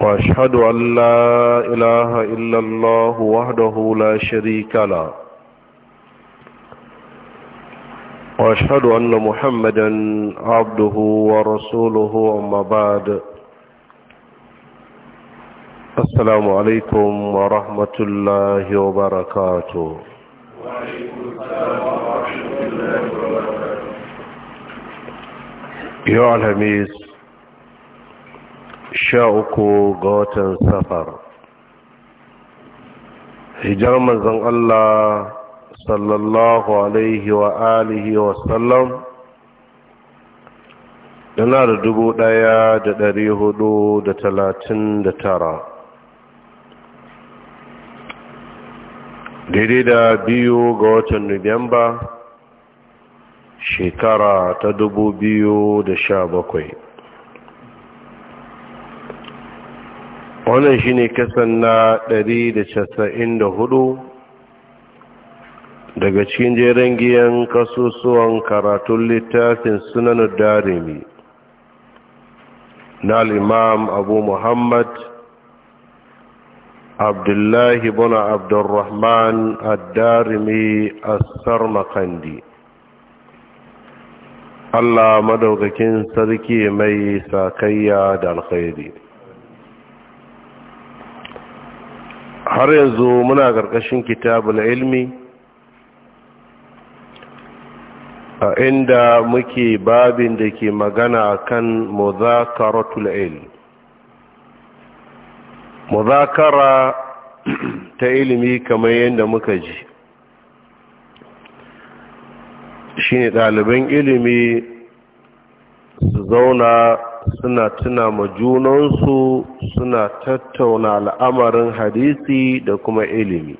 واشهد ان لا اله الا الله وحده لا شريك له واشهد ان محمدا عبده ورسوله اما بعد السلام عليكم ورحمه الله وبركاته وعليكم السلام ورحمه الله وبركاته يا الهميس sha uku ga watan safar hijar manzan Allah sallallahu alaihi wa alihi wa sallam yana da dubu daya da dari hudu da talatin da tara daidai da biyu ga watan Nubiyamba shekara ta dubu biyu da sha bakwai wannan shi ne kasan na 194 daga cikin jeren giyan kasusuwan karatun littafin sunan darimi na al'imam abu muhammad abdullahi buna abdurrahman ad-darimi asar makandi Allah madaukakin sarki mai sakayya da alkhairi har yanzu muna ƙarƙashin kitabul ilmi a inda muke babin da ke magana kan muzakaratul ilmi muzakara ta ilimi kamar yadda muka ji shine ɗaliban ilimi su zauna suna tuna ma junansu suna tattauna al'amarin hadisi da kuma ilimi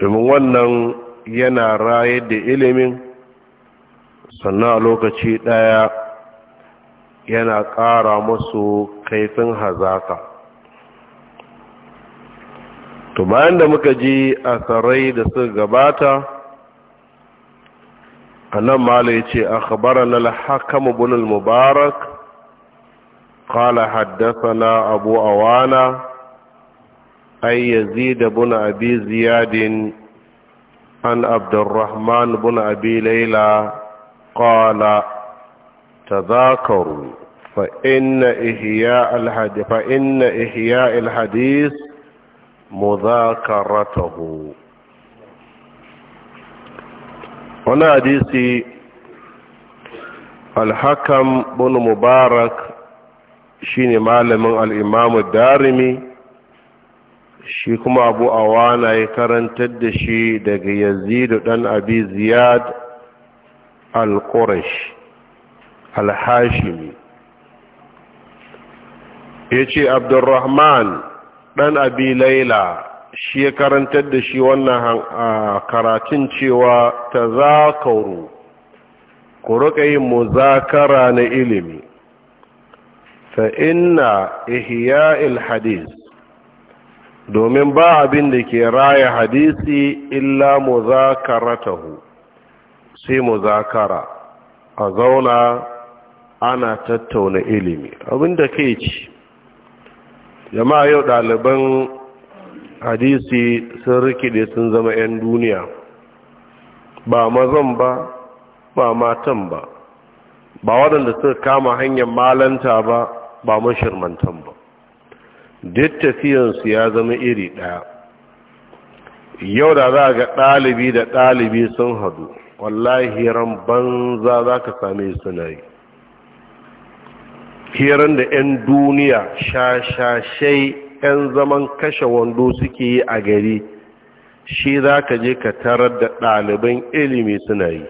domin wannan yana rayar da ilimin sannan a lokaci ɗaya yana ƙara musu kaifin hazaka to bayan da muka ji a tsarai da suka gabata anan مالي چه اخبرنا a بن المبارك قال حدثنا أبو أوانا أي يزيد بن أبي زياد عن عبد الرحمن بن أبي ليلى قال تذاكروا فإن إحياء الحديث فإن إحياء الحديث مذاكرته wani hadisi alhakam bin mubarak shine malamin al'imamu darimi shi kuma abu awana ya karantar da shi daga yazidu dan abi ziyad al-qurash al-hashimi ya ce abdurrahman dan abi laila shi ya karantar da shi wannan karatun cewa ta za ka zakaru ku rika yin muzakara na ilimi fa inna il hadis domin ba abin da ke raya hadisi illa muzakaratahu sai muzakara a zauna ana tattauna ilimi abin da ke ci jama'a yau ɗaliban hadisi sun rikide sun zama 'yan duniya ba mazan ba ba matan ba ba waɗanda suka kama hanyar malanta ba ba mashirmantan ba duk tafiyansu ya zama iri ɗaya yau da za ga ɗalibi da ɗalibi sun hadu wallahi hiran banza za ka same su na yi hiran da 'yan duniya sha-sha-shai 'yan zaman kashe wando suke yi a gari shi za ka je ka tarar da ɗaliban ilimi suna yi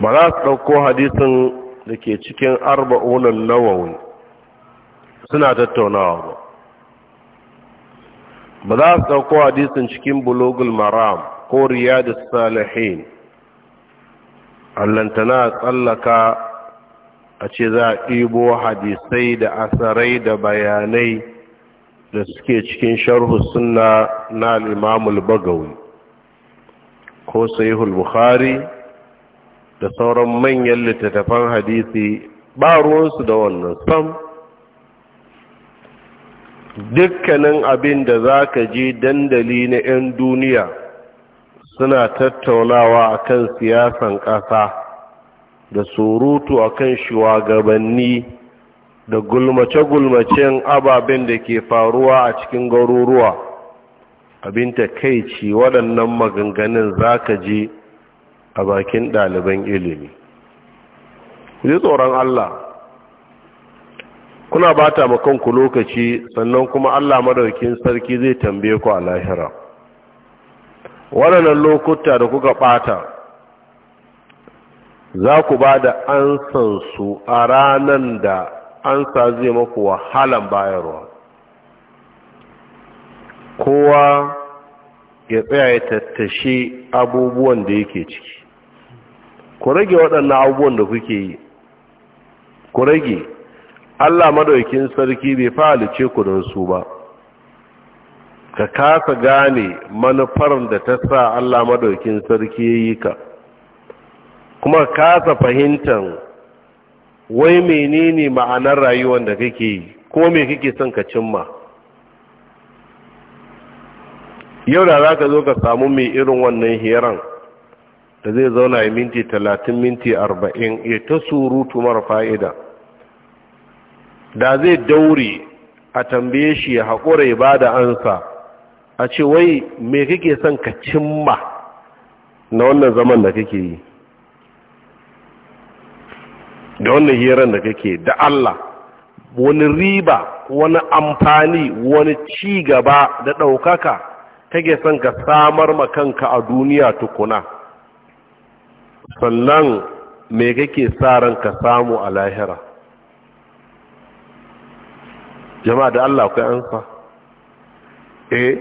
ba za su ɗauko hadisun da ke cikin arba'unan nawawun suna tattaunawa ba ba za su ɗauko hadisin cikin bulogul maram ko riyadus salihin allantana tsallaka a ce za a ɗibo hadisai da asarai da bayanai da suke cikin sharhu suna na al'imamul bagawi ko sahihul bukhari da sauran manyan littattafan hadisi ba ruwansu da wannan sam dukkanin abin da za ka ji dandali na 'yan duniya suna tattaunawa akan siyasan ƙasa da surutu akan shugabanni da gulmace-gulmacen ababen da ke faruwa a cikin garuruwa abin ta kaici waɗannan maganganun za ka je a bakin ɗaliban ilimi ji tsoron Allah kuna ba ta makonku lokaci sannan kuma Allah madaukin sarki zai tambaye ku a lahira waɗannan lokuta da kuka ɓata za ku ba da ansansu a ranar da ansa zai maku wahalan bayarwa kowa ya tsaya ya tattashe abubuwan da yake ciki ku rage waɗannan abubuwan da kuke yi ku rage allah madaukin sarki bai falice ku don su ba ka kasa gane manufar da ta sa allah madaukin sarki ya yi ka kuma kasa fahimtar wai menene ma'anar rayuwar da kake yi ko me kake son ka cimma yau da za ka zo ka samu mai irin wannan hiran da zai zauna ya minti talatin minti arba'in ya ta surutu mara fa'ida da zai daure a tambaye shi ya haƙura ya ba ansa a ce wai me kake son ka cimma na wannan zaman da kake yi da wannan hirar da kake da Allah wani riba wani amfani wani ci gaba da ɗaukaka kake son ka samar ma kanka a duniya tukuna sannan me kake sa ran ka samu a lahira jama'a da Allah kai ansa eh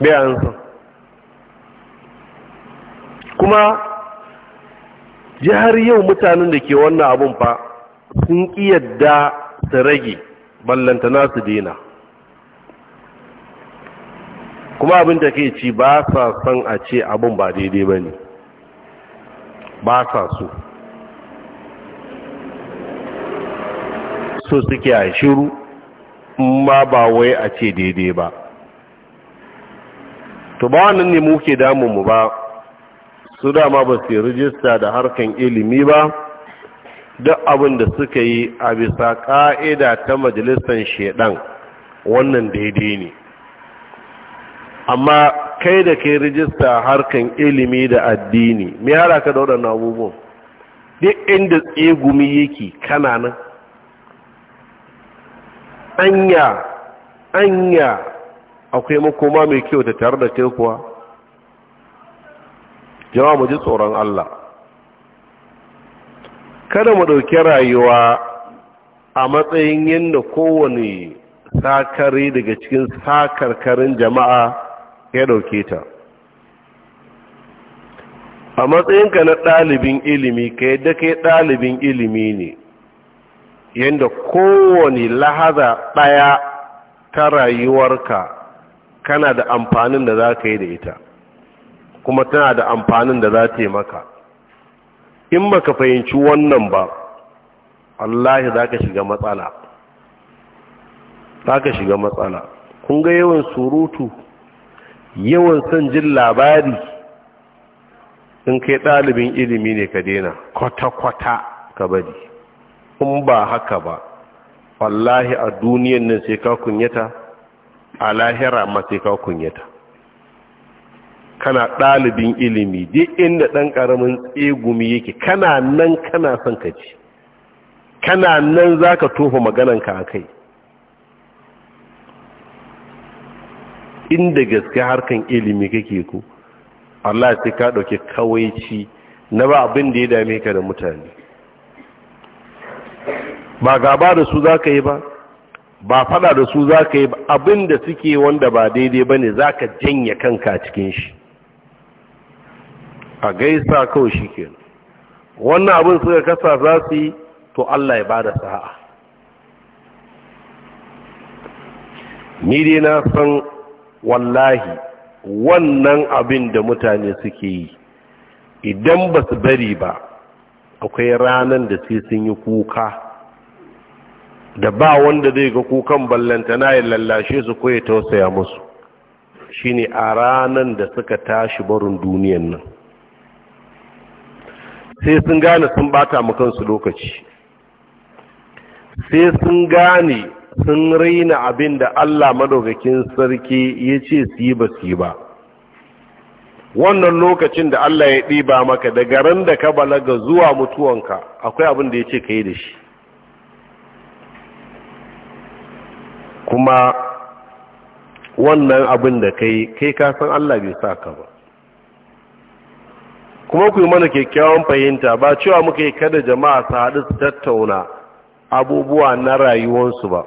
me ansa kuma Jihar yau mutanen da ke wannan abun fa sun ƙi da su rage ballantana su dina kuma abin da ke ci ba sa son a ce abin ba daidai ba ne ba sa so so suke a shiru ma ba wai a ce daidai ba to ba wannan ne muke damunmu ba su dama ba su rijista da harkan ilimi ba duk abin da suka yi a bisa ƙa'ida ta majalisar shedan wannan daidai ne amma kai da kai rijista harkan ilimi da addini me yara ka da waɗannan abubuwan duk inda tsegumi yake kananan anya anya akwai makoma mai kyau ta tare da kai kuwa jama'a mu ji tsoron Allah kada mu ɗauki rayuwa a matsayin yadda kowane sakari daga cikin sakarkarin jama'a ya ɗauke ta a matsayinka na ɗalibin ilimi ka yadda kai ɗalibin ilimi ne yadda kowane lahaza ɗaya ta rayuwarka kana da amfanin da za ka yi da ita kuma tana da amfanin da za ta yi maka in baka fahimci wannan ba wallahi za ka shiga matsala za ka shiga matsala kun ga yawan surutu yawan son jin labari in kai ɗalibin ilimi ne ka dena kwata-kwata ka bari in ba haka ba wallahi a duniyan nan sai ka kunyata a lahira ma sai ka kunyata kana ɗalibin ilimi duk inda ɗan ƙaramin tsegumi yake kana nan kana son ka ci kana nan za ka tofa magananka a kai inda gaske harkan ilimi kake ku Allah sai ka ɗauki kawaici na ba abin da ya dame ka da mutane ba gaba da su za ka yi ba ba fada da su za ka yi abin da suke wanda ba daidai ba ne za ka janye kanka cikin shi a gaisa kawai shi ke wannan abin suka kasa za su yi to Allah ya bada sa'a ni dai na san wallahi wannan abin da mutane suke yi idan ba su bari ba akwai ranar da sai sun yi kuka da ba wanda zai ga kukan ballantana ya lallashe su ko ya tausaya musu shine a ranar da suka tashi barin duniyan nan sai sun gane sun bata mu kansu lokaci sai sun gane sun raina abin da Allah madaukakin sarki ya ce su yi ba su yi ba wannan lokacin da Allah ya ɗiba maka daga ran da ka balaga zuwa mutuwanka akwai abin da ya ce ka yi da shi kuma wannan abin da kai kai ka san Allah bai sa ka ba kuma ku yi mana kyakkyawan fahimta ba cewa muka yi kada jama'a su haɗu su tattauna abubuwa na rayuwarsu ba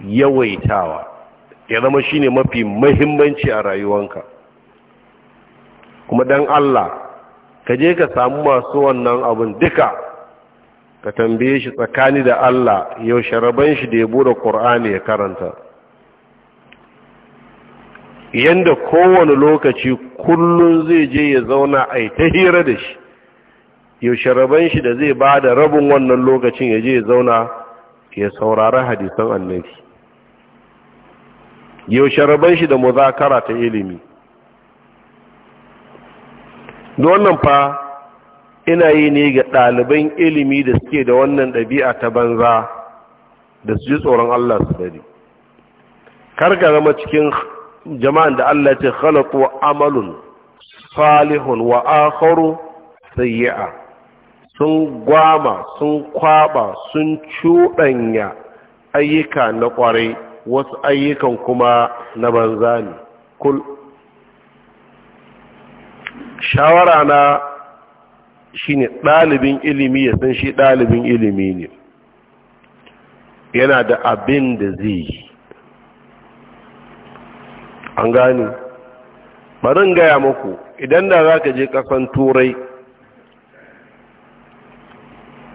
yawaitawa ya zama shi ne mafi mahimmanci a rayuwanka kuma don Allah ka je ka samu masu wannan abin duka ka tambaye shi tsakani da Allah yaushe rabon shi da ya bude ƙor'ani ya karanta yanda kowane lokaci kullum zai je ya zauna a ta hira da shi yaushe sharaban shi da zai ba da rabin wannan lokacin ya je ya zauna ya saurari hadisan annabi yaushe sharaban shi da muzakara ta ilimi da wannan fa ina yi ne ga ɗaliban ilimi da suke da wannan ɗabi'a ta banza da su ji tsoron Allah su dare kar ka zama cikin jama'an da Allah ce khalaqu amalun salihun wa akharu sayyi'a sun gwama sun kwaba sun cuɗanya ayyuka na ƙwarai wasu ayyukan kuma na banza ne kul shawara na shine ɗalibin ilimi ya san shi ɗalibin ilimi ne yana da abin da zai yi an gane barin gaya muku idan da za ka je ƙasan turai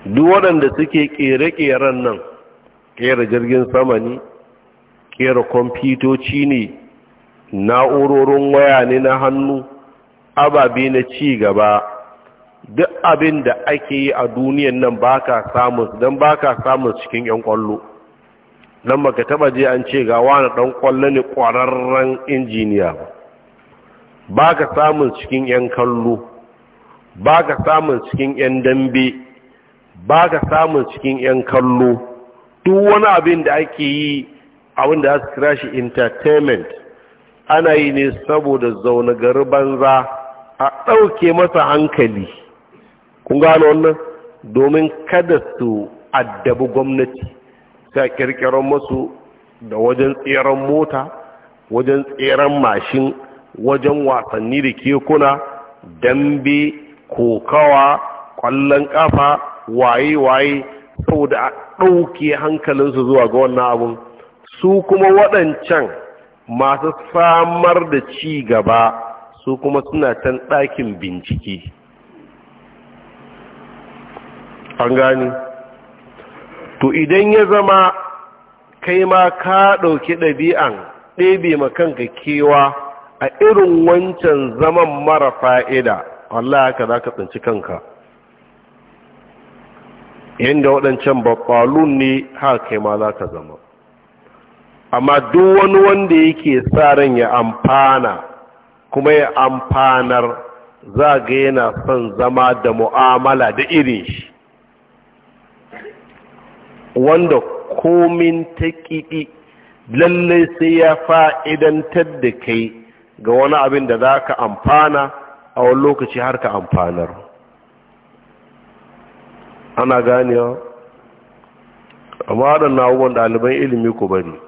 duk waɗanda suke ƙere-ƙeren nan ƙera jirgin sama ne ƙera kwamfutoci ne na'urorin waya ne na hannu ababe na ci gaba duk abin da ake yi a duniyan nan ba ka samun don ba ka samun cikin 'yan ƙwallo don baka taba je an ce ga wani dan kwallo ne kwararren injiniya ba ba ka samun cikin 'yan kallo ba ka samun cikin 'yan dambe ba ka samun cikin 'yan kallo duk wani abin da ake yi abin da aka kira shi entertainment ana yi ne saboda zaune gari banza a ɗauke masa hankali kun gano wannan domin kada su addabi gwamnati ta a kirkiran masu da wajen tseren mota wajen tseren mashin wajen wasanni da kekuna dambe kokawa kwallon kafa waye-waye saboda a ɗauke hankalinsu zuwa ga wannan abun su kuma waɗancan masu samar da ci gaba su kuma suna can ɗakin bincike an gani to idan ya zama kai ma ka ɗauki ɗabi'an ɗebe ma kanka kewa a irin wancan zaman mara fa'ida Allah ka za ka tsinci kanka yadda waɗancan babbalun ne haka kai ma za ka zama amma duk wani wanda yake sa ran ya amfana kuma ya amfanar za ga yana son zama da mu'amala da irin shi wanda komin ta ƙiɗi lalle sai ya fa'idantar da kai ga wani abin da za ka amfana a wani lokaci har ka amfanar ana ganewa amma waɗannan abubuwan ɗaliban ilimi ku bari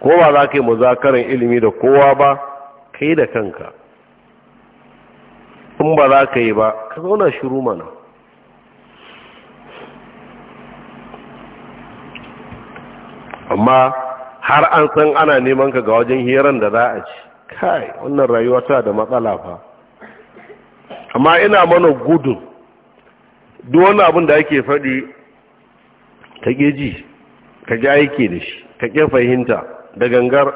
ko ba za ka yi muzakarar ilimi da kowa ba kai da kanka in ba za ka yi ba ka zauna shiru mana amma har an san ana neman ka ga wajen hiran da za a ci kai wannan rayuwa ta da matsala fa amma ina mana gudun duk wani abin da ake faɗi ka ji ka ji aiki da shi ka ƙi fahimta da gangar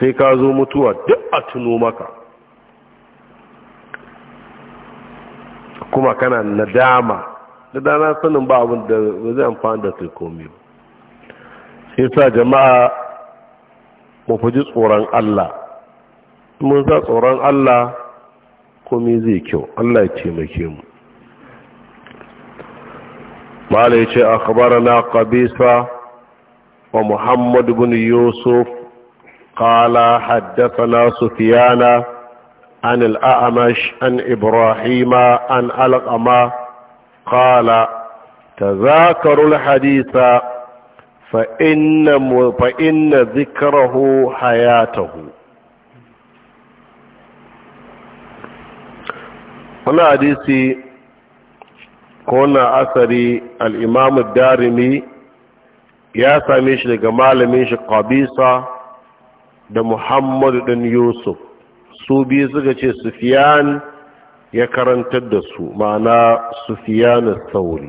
sai ka zo mutuwa duk a tuno maka kuma kana nadama da dana sanin ba abin da zai amfani da kai komi ba sai sa jama'a mu ji tsoron Allah mun sa tsoron Allah komi zai kyau Allah ya taimake mu mala ya ce na kabisa wa muhammad bin yusuf qala haddasa sufyana an al'amash amash an ibrahima an alqama قال تذاكروا الحديث فإن, فإن ذكره حياته هنا حديثي كنا أثري الإمام الدارمي ya same shi daga malamin shi kabisa da muhammadu ɗin yusuf su biyu suka ce sufiyan ya karantar da su ma'ana sufiyanu sauri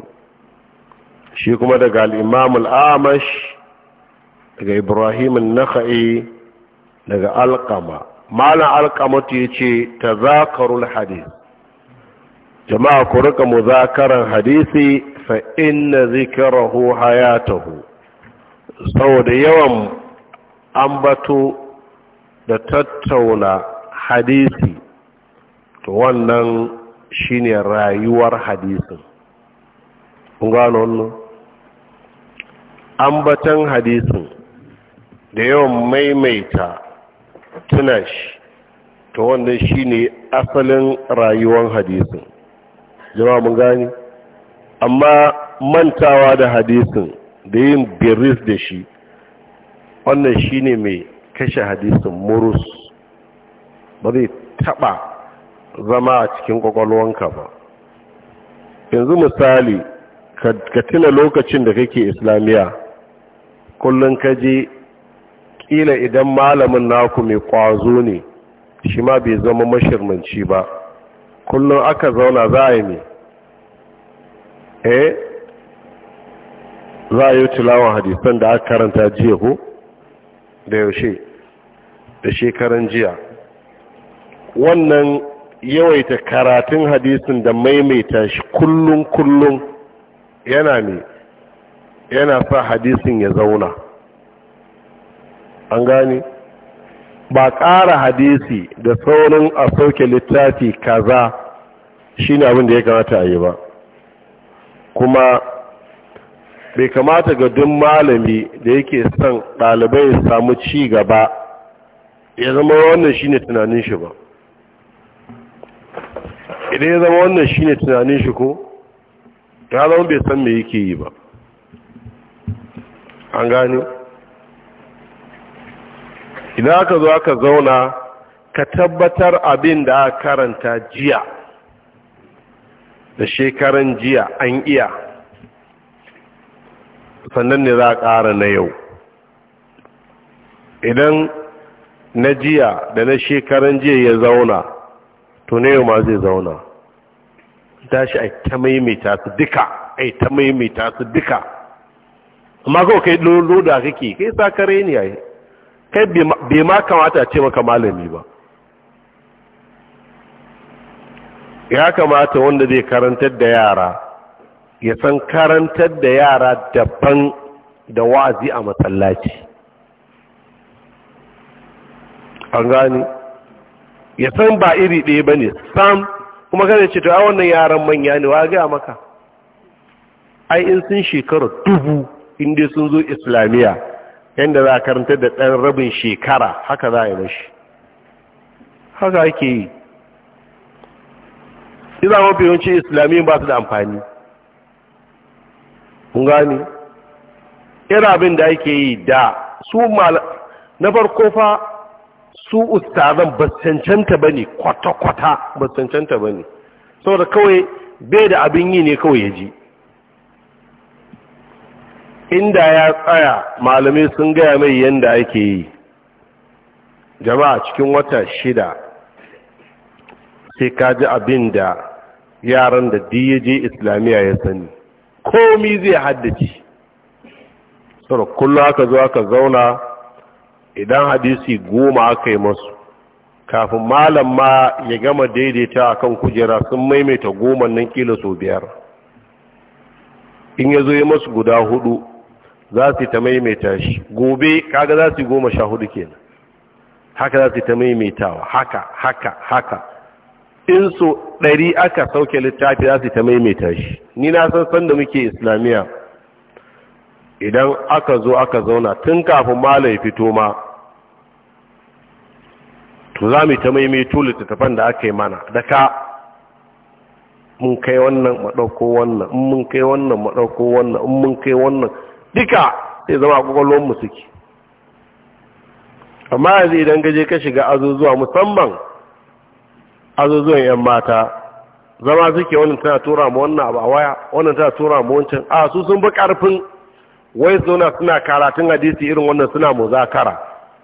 shi kuma daga al'imam al'amash daga ibrahim naka'i daga alkama malam alkamatu ya ce ta zakarun hadis jama'a ku rika muzakaran hadisi fa inna zikirahu hayatahu saboda yawan ambato da tattauna hadisi to wannan shi ne rayuwar hadisin ƙungano wannan ambatan hadisin da yawan maimaita tuna shi to wannan ne asalin rayuwar hadisun jama'a mun gani amma mantawa da hadisin da yin biris da shi wannan shi ne mai kashe hadisin murus ba zai taba zama a cikin kwakwalwanka ba yanzu misali ka tuna lokacin da kake islamiyya kullum ka je kila idan malamin naku mai kwazo ne shi ma bai zama mashirmanci ba kullum aka zauna za a yi ne eh za a yi tilawan hadisan da aka karanta jiya ko da yaushe da shekaran jiya wannan yawaita karatun hadisin da maimaita shi kullum kullum yana ne yana sa hadisin ya zauna an gani ba ƙara hadisi da saurin a sauke littafi kaza shi ne abin da ya kamata a yi ba kuma bai kamata ga duk malami da yake son ɗalibai samu ci gaba ya zama wannan shi ne tunanin shi ba idan ya zama wannan shine tunanin shi ko ya zama bai san me yake yi ba an gani idan aka zo aka zauna ka tabbatar abin da aka karanta jiya da shekaran jiya an iya sannan ne za a ƙara na yau idan na jiya da na shekaran jiya ya zauna to ne ma zai zauna tashi a ta maimaita su duka a ta maimaita su duka amma kawai kai lolo da kake kai kare ne yi. kai bai ma kamata a ce maka malami ba ya kamata wanda zai karantar da yara ya san karantar da yara daban da wazi a matsalaci an gani ya san ba iri ɗaya ba ne sam kuma kada ce to a wannan yaran manya ne wa gaya maka ai in sun shekara dubu inda sun zo islamiyya yadda za a karanta da ɗan rabin shekara haka za a yi mashi haka ake yi iza mafi yawanci islamiyyar ba su da amfani kun gani irin abin da ake yi da su na farko fa su ustazan ba cancanta ba ne kwata-kwata ba cancanta ba ne saboda kawai bai da abin yi ne kawai ya ji inda ya tsaya malamai sun gaya mai yadda ake yi jama'a cikin wata shida sai ka ji abin da yaran da je islamiyya ya sani komi zai haddace saboda kullum aka zo aka zauna idan hadisi goma aka yi masu kafin malam ma ya gama daidaita a kan kujera sun maimaita goma nan kila sau biyar in ya zo ya masu guda hudu za su ta maimaita shi gobe kaga za su yi goma sha hudu kenan haka za su ta maimaitawa haka haka haka in so ɗari aka sauke littafi za su ta maimaita shi ni na san san da muke islamiyya idan aka zo aka zauna tun kafin mala ya fito ma to za mu ta maimaito littattafan da aka yi mana da ka mun kai wannan maɗauko wannan in mun kai wannan maɗauko wannan in mun kai wannan duka zai zama kwakwalwar mu suke amma yanzu idan gaje ka shiga azuzuwa musamman azuzuwan 'yan mata zama suke wannan tana tura ma wannan abu a waya wannan tana tura ma wancan a su sun bi karfin wai zauna suna karatun hadisi irin wannan suna muzakara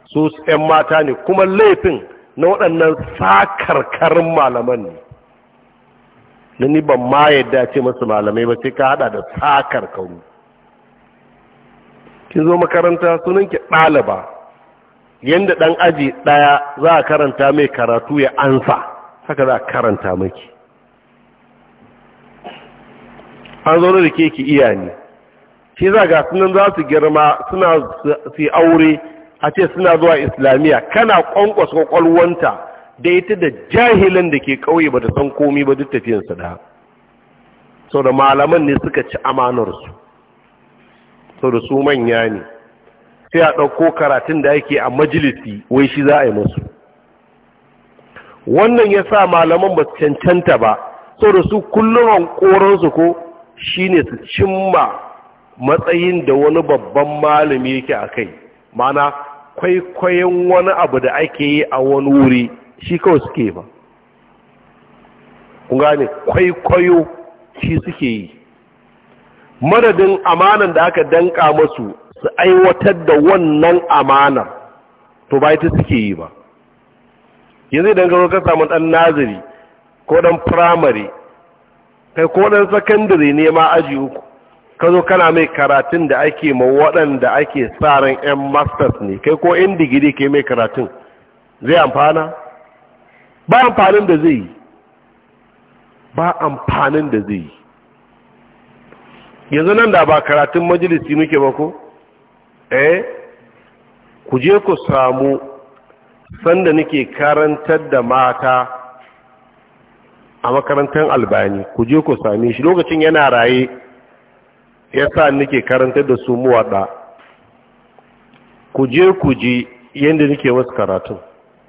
su ƴan mata ne kuma laifin na waɗannan sakarkarin malaman ne na ni ban ma yadda ce masu malamai ba sai ka hada da sakarkaru kin zo makaranta sunan ki ɗaliba Yadda ɗan aji ɗaya za a karanta mai karatu ya ansa haka za a karanta maki an zo da ke ki iya ne shi za ga sunan za su girma suna su aure a ce suna zuwa islamiyya kana kwankwasa kwakwalwanta da ita da jahilin da ke kauye ba ta san komi ba duk tafiyansa da sau da malaman ne suka ci amanarsu sau da su manya ne sai a ɗauko karatun da ake a majalisi wai shi za a yi masu wannan ya sa malaman ba su cancanta ba sau da su kullum hankoronsu ko shi ne su cimma matsayin da wani babban malami yake a kai mana kwaikwayon wani abu da ake yi a wani wuri shi kawai suke ba gane kwaikwayo shi suke yi madadin amanan da aka danka masu su aiwatar da wannan amanar to ba ita suke yi ba yanzu idan gano ka samu ɗan naziri ko ɗan firamare kai ko ɗan sakandare ne ma aji uku ka zo kana mai karatun da ake ma waɗanda ake tsarin 'yan masters ne kai ko 'yan digiri ke mai karatun zai amfana ba amfanin da zai yi ba amfanin da zai yi yanzu nan da ba karatun majalisi muke ba ko eh ku je ku samu sanda nake karantar da mata a makarantar albani ku je ku sami. shi lokacin yana raye ya sa nake karantar da su muwaɗa kuje-kuje yadda nake wasu karatun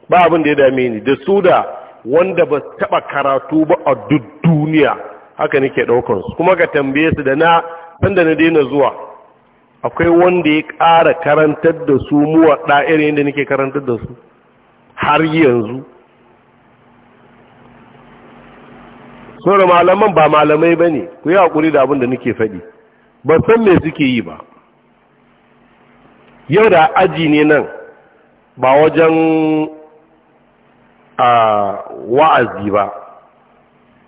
ba abin da ya dame ni da su da wanda ba taɓa karatu ba a duk duniya haka nake ɗaukansu kuma ka tambaye su da na sanda na daina zuwa akwai wanda ya ƙara karantar da su ɗa irin yadda nake karantar da su har yanzu da malaman ba malamai ba ne ku yi haƙuri da abin da nake faɗi ba san me suke yi ba yau da aji ne nan ba wajen a wa'azi ba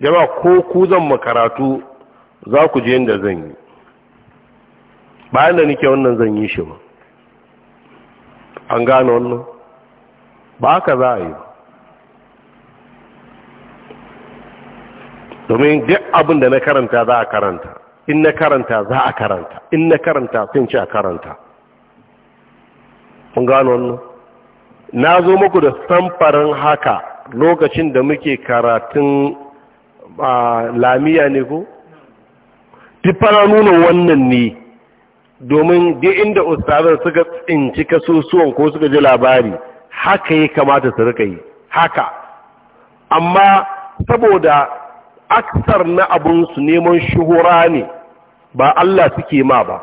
yaba ko ku zan makaratu za ku je yadda zan yi bayan da nike wannan zan yi shi ba an gane wannan ba haka za a yi domin duk abin da na karanta za a karanta in na karanta za a karanta in na karanta sun ce a karanta kun gano wannan na zo muku da samfarin haka lokacin da muke karatun lamiya ne ko fara nuna wannan ne domin da inda ustazan suka tsinci kasusuwan ko suka ji labari haka ya kamata su rika yi haka amma saboda aksar na abun abinsu neman shuhura ne ba Allah suke ma ba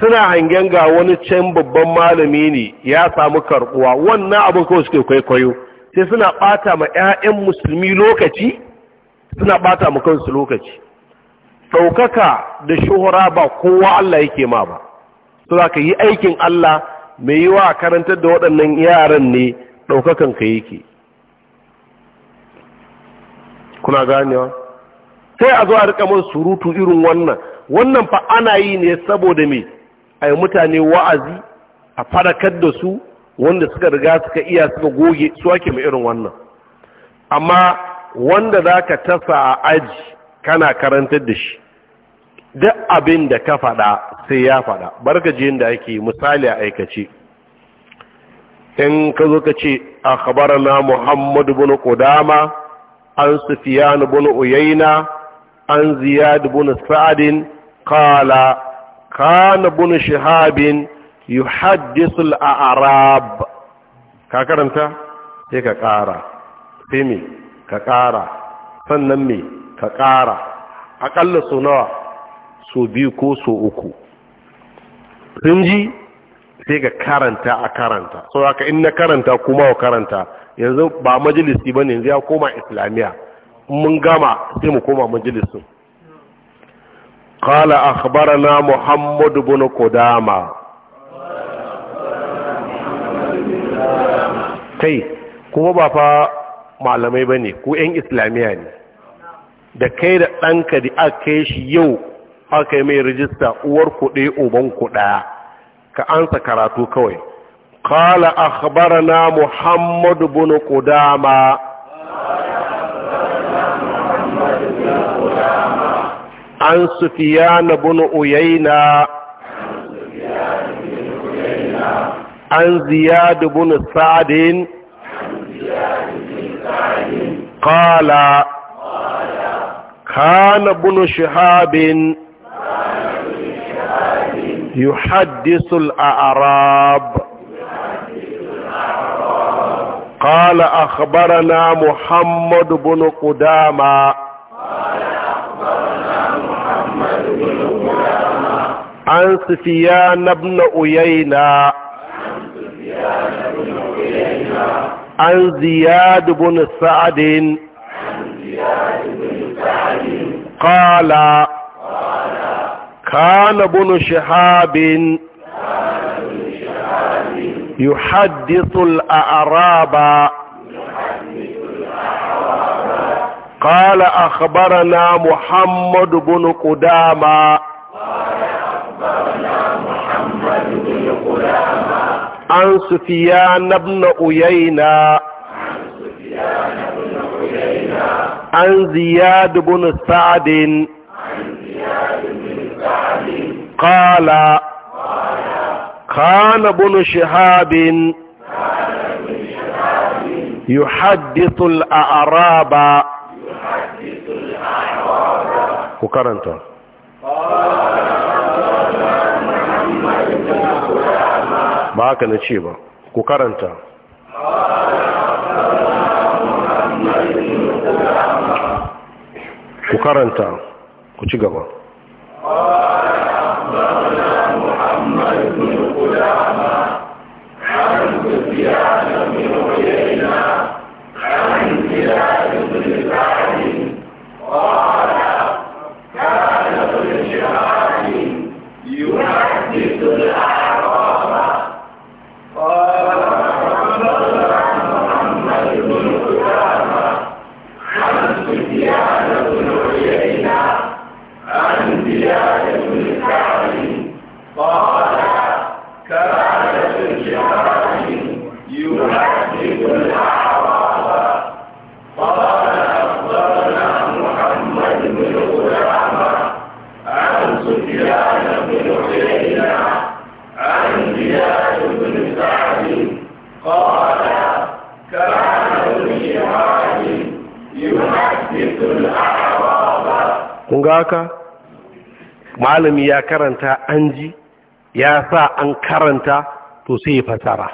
suna hangen ga wani can babban malami ne ya samu karbuwa wannan abin kawai suke kwaikwayo sai suna bata ma 'ya'yan musulmi lokaci suna bata ma kansu lokaci ɗaukaka da shuhura ba kowa Allah yake ma ba su za ka yi aikin Allah mai yi wa karantar da waɗannan yaran ne ɗaukakan ka yake kuna ganewa sai a zo a rika mun surutu irin wannan wannan fa ana yi ne saboda me yi mutane wa'azi a farakar da su wanda suka riga suka iya suka goge su ake mai irin wannan amma wanda za ka tasa a aji kana karantar da shi duk abin da ka faɗa sai ya faɗa je da ake misali a aikace in ka zo ka ce a khabarana muhammadu bin qudama an sufiyan bin uyayna an ziyad bin sa'adin qala kana bin shihab yuhaddithu al-a'rab ka karanta sai ka ƙara sai ka ƙara sannan me ka ƙara aƙalla so nawa so biyu ko so uku sun ji sai ga karanta a karanta so haka in na karanta kuma wa karanta yanzu ba majalisi ba ne yanzu ya koma islamiya mun gama sai mu koma majalisin قال na Muhammadu bin قدامة kai kuma ba fa malamai ba ne ko 'yan islamiyya ne da kai da ɗanka da aka kai shi yau aka yi mai rijista uwar kuɗe uban kuɗa كأنت كراتو كوي قال أخبرنا محمد بن قدامة عن سفيان بن أيينة عن زياد بن سعد قال كان بن شهاب يحدث الأعراب قال أخبرنا محمد بن قدامة عن سفيان بن أيينة عن زياد بن سعد قال كان ابن شهاب يحدث الأعراب قال أخبرنا محمد بن قدامة عن سفيان بن أيينة عن زياد بن سعد قال كان ابن شهاب يحدث الأعراب وكرنت ba haka na ce ba ku karanta ku karanta ku ci gaba Allahu Akbar. karanta an ji ya sa an karanta to sai ya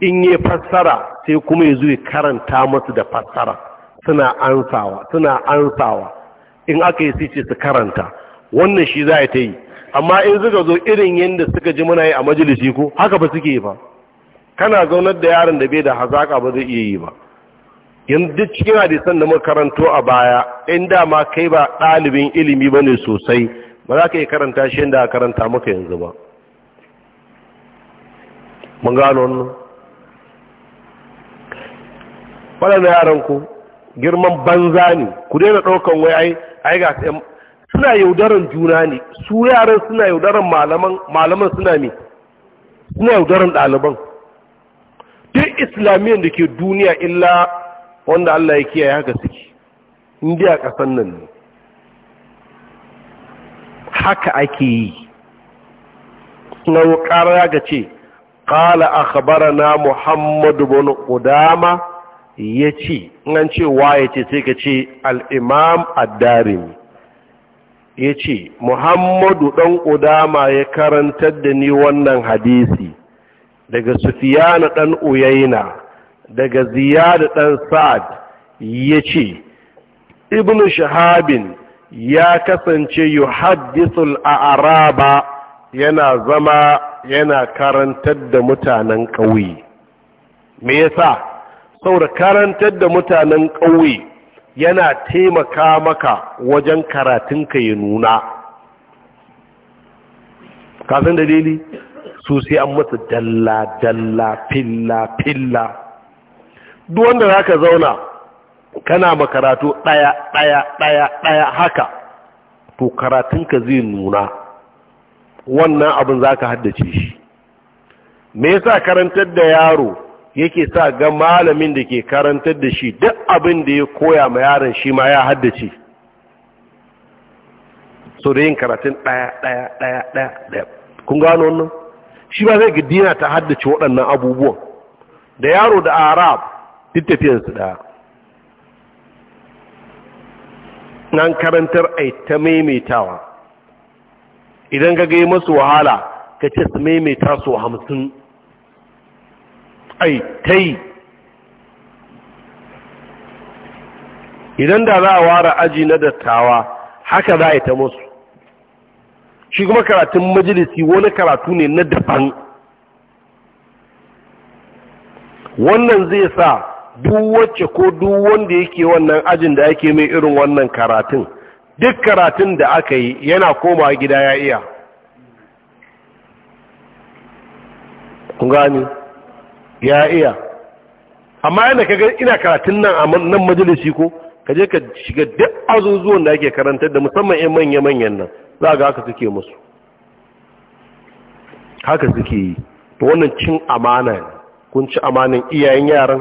in ya fassara sai kuma ya zo karanta masu da fasara suna ansawa suna ansawa in aka yi sai su karanta wannan shi za a ta yi amma in suka zo irin yadda suka ji muna yi a majalisi ko haka ba suke yi ba kana zaunar da yaron da bai da hazaka ba zai iya yi ba yanzu cikin hadisan da muka karanto a baya in dama kai ba ɗalibin ilimi ba ne sosai ba za ka yi karanta shi yadda a karanta maka yanzu ba mun gano wannan waɗanda yaran ku girman banza ne ku daina ɗaukan wai ai ai ga suna yaudaran juna ne su yaran suna yaudaran malaman suna ne suna yaudaran ɗaliban duk islamiyyar da ke duniya illa wanda Allah ya kiyaye haka suke indiya ƙasan nan ne haka ake yi na ƙarar ga ce ƙala a na muhammadu bani ƙudama ya ce nan cewa ya ce sai ka ce al'imam addarin ya ce muhammadu ɗan ƙudama ya karantar da ni wannan hadisi daga sufiyana ɗan uyaina daga ziyada ɗan sa'ad ya ce ibn shahabin ya kasance haddisul a'raba yana zama yana karantar da mutanen ƙauye me yasa saboda karantar da mutanen ƙauye yana taimaka maka wajen karatunka ya nuna kasan dalili su sai an masa dalla dalla filla filla duk wanda zaka zauna kana makaratu ɗaya ɗaya ɗaya ɗaya haka to ka zai nuna wannan abin za ka haddace shi me yasa karantar da yaro yake sa ga malamin da ke karantar da shi duk abin da ya koya ma yaron shi ma ya haddace so da yin karatun ɗaya ɗaya ɗaya ɗaya kun gano wannan shi ba zai ga dina ta haddace waɗannan abubuwan da yaro da arab duk tafiyansu ɗaya nan karantar ai ta maimaitawa idan ka gai masu wahala ka ce su maimaita su hamsin ai ta yi idan da za a ware aji na dattawa haka za a yi ta masu shi kuma karatun majalisi wani karatu ne na daban wannan zai sa duk wacce ko duk wanda yake wannan ajin da ake mai irin wannan karatun duk karatun da aka yi yana koma gida ya iya gani ya iya amma yana kaga ina karatun nan a nan majalisi ko ka je ka shiga duk azuzuwan da ake karanta da musamman 'yan manya-manyan nan za ga haka suke musu haka suke yi to wannan cin amana ne kun ci amanin iyayen yaran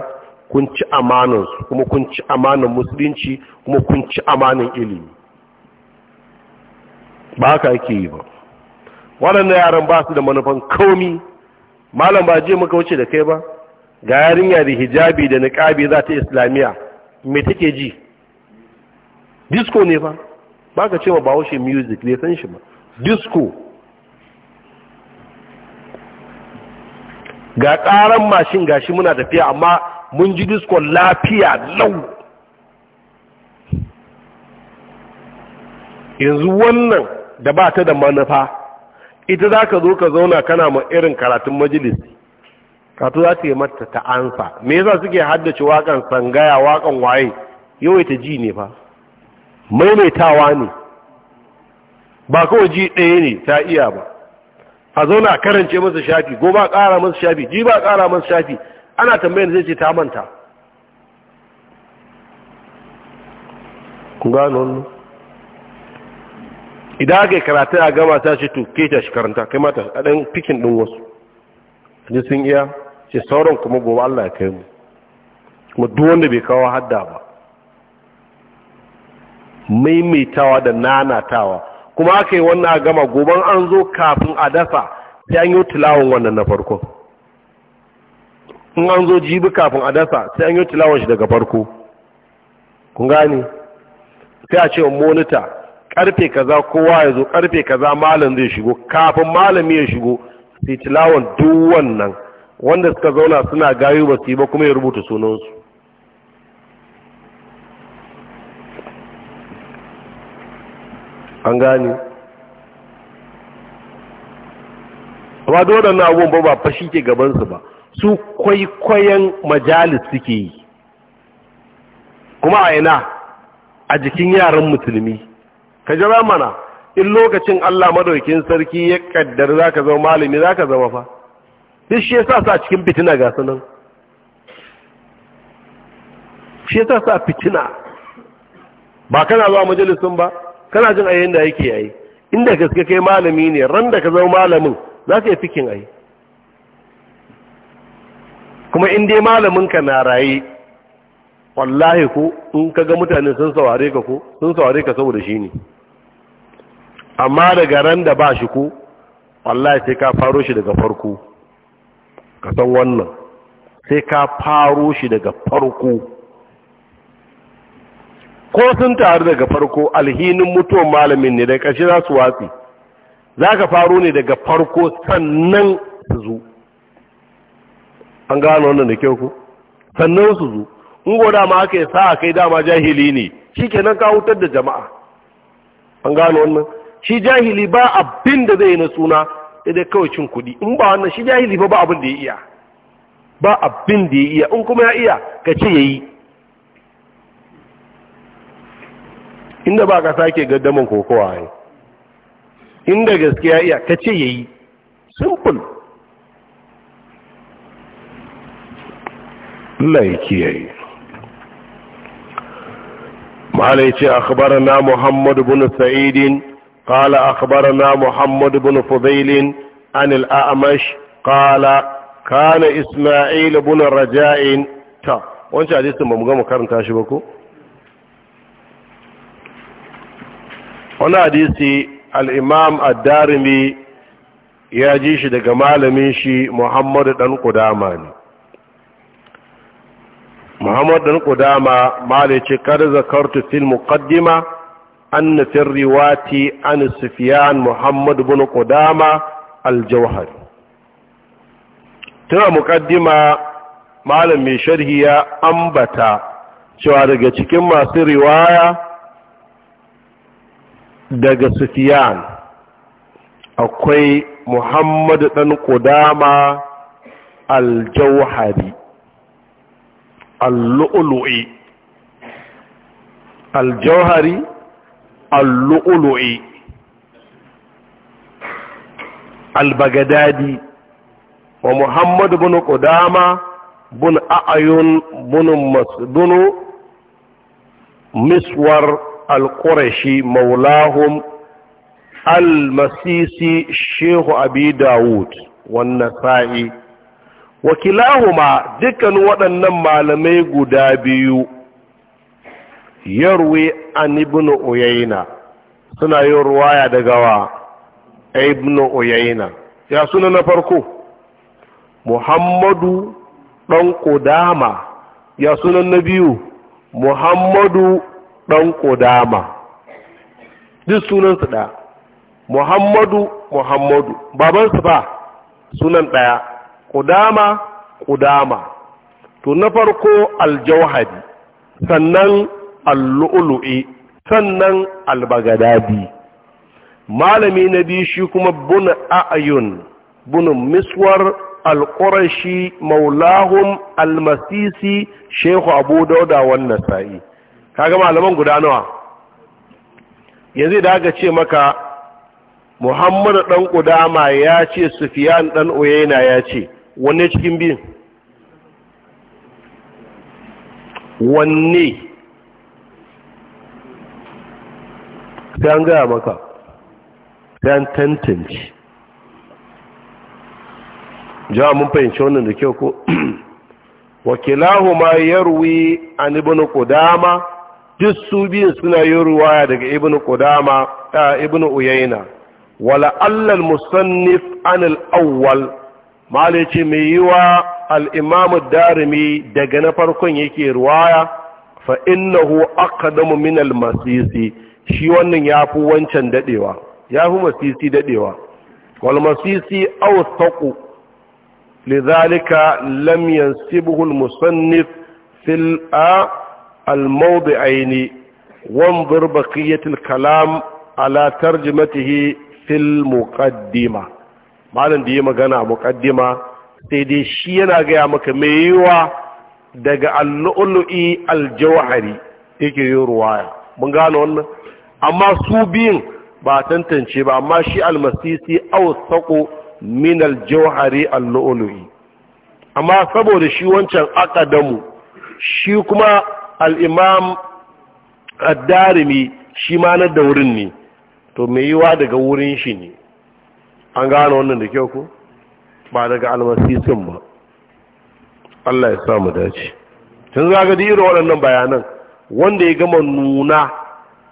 kun ci amanansu kuma kun ci amanan musulunci kuma kun ci amanan ilimi ba haka ake yi ba waɗanda yaran ba su da manufan komi malam ba je muka wuce da kai ba ga yarinya da hijabi da niqabi za ta islamiya me take ji disco ne ba ba ka ma ba washe music ne san shi ba disco ga ƙaran mashin gashi muna tafiya amma mun ji disko lafiya lau yanzu wannan da ba ta da manufa ita za ka zo ka zauna kana ma irin karatun majalisi kato za ta yi mata ta ansa me yasa suke haddace wakan sangaya wakan waye yawaita ji ne fa maimaitawa ne ba kawai ji ɗaya ne ta iya ba a zauna karance masa shafi gobe a ƙara masa shafi ji ba ƙara masa shafi ana tambayar zai ce ta manta idan aka yi karatu a gama ta ce to ke shi karanta kai mata a ɗan fikin ɗin wasu ji sun iya ce sauran kuma gobe Allah ya kai mu kuma duk bai kawo hadda ba maimaitawa da nanatawa kuma aka yi wannan a gama goban an zo kafin a dafa sai an yi tilawon wannan na farko in an zo jibi kafin a dasa sai an yi tilawar shi daga farko kun gane sai a ce monita karfe kaza kowa ya zo karfe kaza malam zai shigo kafin malami ya shigo sai tilawar duk wannan wanda suka zauna suna gayu ba su yi ba kuma ya rubuta sunansu an gane ba dole na abubuwan ba fashi ke gabansu ba su kwaikwayon majalis suke yi kuma a ina a jikin yaran musulmi ka jira mana in lokacin Allah madaukin sarki ya kaddar zaka zama malami zaka zama fa duk shi yasa sa cikin fitina ga sunan shi yasa sa fitina ba kana zuwa majalisin ba kana jin ayyan da yake yayi inda gaske kai malami ne ran da ka zama malamin zaka yi fikin ayi kuma in dai ka na raye wallahi ko in ka ga mutane sun saware ka ko sun saware ka saboda shi ne amma daga ran da ba shi ko wallahi sai ka faro shi daga farko ka san wannan sai ka faro shi daga farko ko sun taru daga farko alhinin mutuwan malamin ne da ƙarshe za su watsi za ka faro ne daga farko sannan su zo an gano wannan da kyau ku sannan su zo in go dama aka yi sa'a kai dama jahili ne shi kenan ka hutar da jama'a an gano wannan shi jahili ba abin da zai yi na suna sai dai kawai cin kuɗi in ba wannan shi jahili ba ba abin da ya iya ba abin da ya iya in kuma ya iya ka ce ya yi inda ba ka sake gaddaman kokowa ne inda gaskiya iya ka ce ya yi simple Allah ya kiyaye mala yace akhbarana Muhammad ibn Sa'id qala akhbarana Muhammad ibn Fudail an al-A'mash qala kana Isma'il ibn Raja'in ta wancan hadisin ba mu ga makaranta karanta shi ba ko wani hadisi al'imam ad-darimi ya ji shi daga malamin shi muhammadu ɗan kudama ne muhammad dan qudama mali ce kar zakartu fil muqaddima anna fi riwati an sufyan muhammad ibn qudama al tana muqaddima malam mai sharhi ya ambata cewa daga cikin masu riwaya daga sufyan akwai muhammad dan qudama al al-lu'lu'i al-jawhari al-lu'lu'i al-bagadadi wa muhammad bin qudama bin a'yun bin masdunu miswar al-qurashi maulahum al-masisi shehu abi dawud wan nasa'i wakilahuma dukkanin waɗannan malamai guda biyu yarwe an ibn uyayna suna yin ruwaya daga wa ibn uyayna ya suna na farko muhammadu ɗan ƙudama ya sunan na biyu muhammadu ɗan ƙudama duk sunansu ɗaya muhammadu muhammadu babansu ba sunan ɗaya ƙudama ƙudama to na farko aljauhari sannan allu'ulu'i sannan albagadadi malami na biyu shi kuma bun a'ayun buna miswar alƙurashi maulahum almasisi shehu abu dauda wannan sa'i kaga malaman guda nawa yanzu da aka ce maka muhammadu ɗan ƙudama ya ce sufiyan ɗan uyaina ya ce wanne cikin biyun wanne sai an gaya maka sai an tantance ja mun fahimci wannan da kyau ko wakilahu ma yarwi an ibn qudama duk su biyu suna yi ruwaya daga ibn qudama ta eh, ibn uyayna wala allal musannif an al-awwal malai mai yi wa al'imamu darimi daga na farkon yake ruwaya fa innahu aqdamu min al-masisi shi wannan yafi wancan dadewa yafi masisi dadewa wal masisi awthaqu lidhalika lam yansibuhu al-musannif fil a al-mawdi'aini wanzur baqiyat al-kalam ala tarjamatihi fil muqaddimah malam da yi magana a muƙaddima sai dai shi yana gaya maka mai yiwa daga allu'ulu'i aljawahari yake yi ruwaya mun gano wannan amma su biyun ba a tantance ba amma shi almasisi awsaqu min aljawahari allu'ulu'i amma saboda shi wancan akadamu shi kuma al’imam addarimi shi ma na daurin ne to mai yiwa daga wurin shi ne an gano wannan da kyau ko ba daga almasisin ba Allah ya samu dace tun zaga da irin waɗannan bayanan wanda ya gama nuna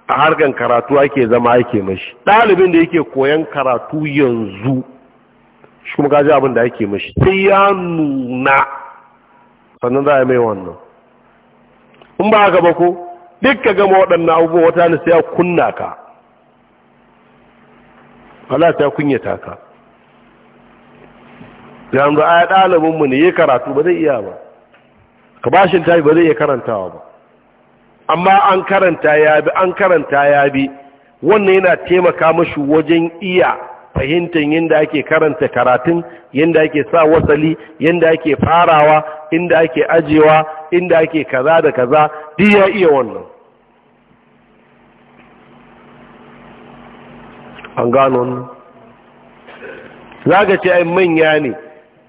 a harkan karatu ake zama ake mashi ɗalibin da yake koyan karatu yanzu shi kuma gaji abin da ake mashi sai ya nuna sannan za a mai wannan in ba ka ba ko duk ka gama waɗannan abubuwa wata ne sai ya kunna ka wala ta kunyata ka yanzu a ɗalibinmu ne ya karatu ba zai iya ba ka bashin tafi ba zai iya karantawa ba amma an karanta ya bi an karanta ya bi wannan yana taimaka mashi wajen iya fahimtar yadda ake karanta karatun yadda ake sa wasali yadda ake farawa inda ake ajewa inda ake kaza da kaza duk ya iya wannan an gano za ka ce ai manya ne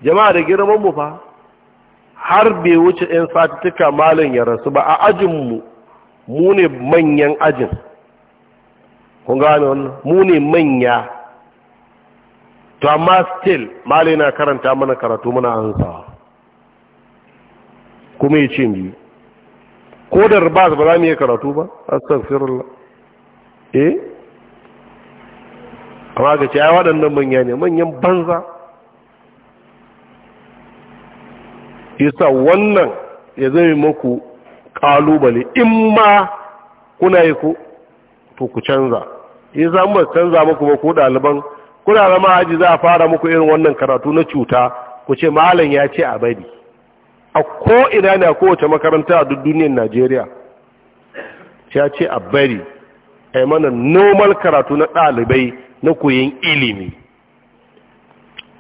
jama'a da girman mu fa har bai wuce 'yan satuttuka malin ya rasu ba a ajinmu mu ne manyan ajin kun gane wannan mu ne manya to amma still malin na karanta mana karatu muna ansawa kuma ya ce biyu ko da ba za mu yi karatu ba astaghfirullah eh amma ga cewa ai waɗannan manya ne manyan banza isa wannan ya zai maku kalubale in ma kuna yi ku to ku canza isa mu canza muku ba ku ɗaliban kuna zama aji za a fara muku irin wannan karatu na cuta ku ce malam ya ce a bari a ko'ina ne a kowace makaranta a duk duniyar najeriya ya ce a bari a yi mana normal karatu na ɗalibai na koyon ilimi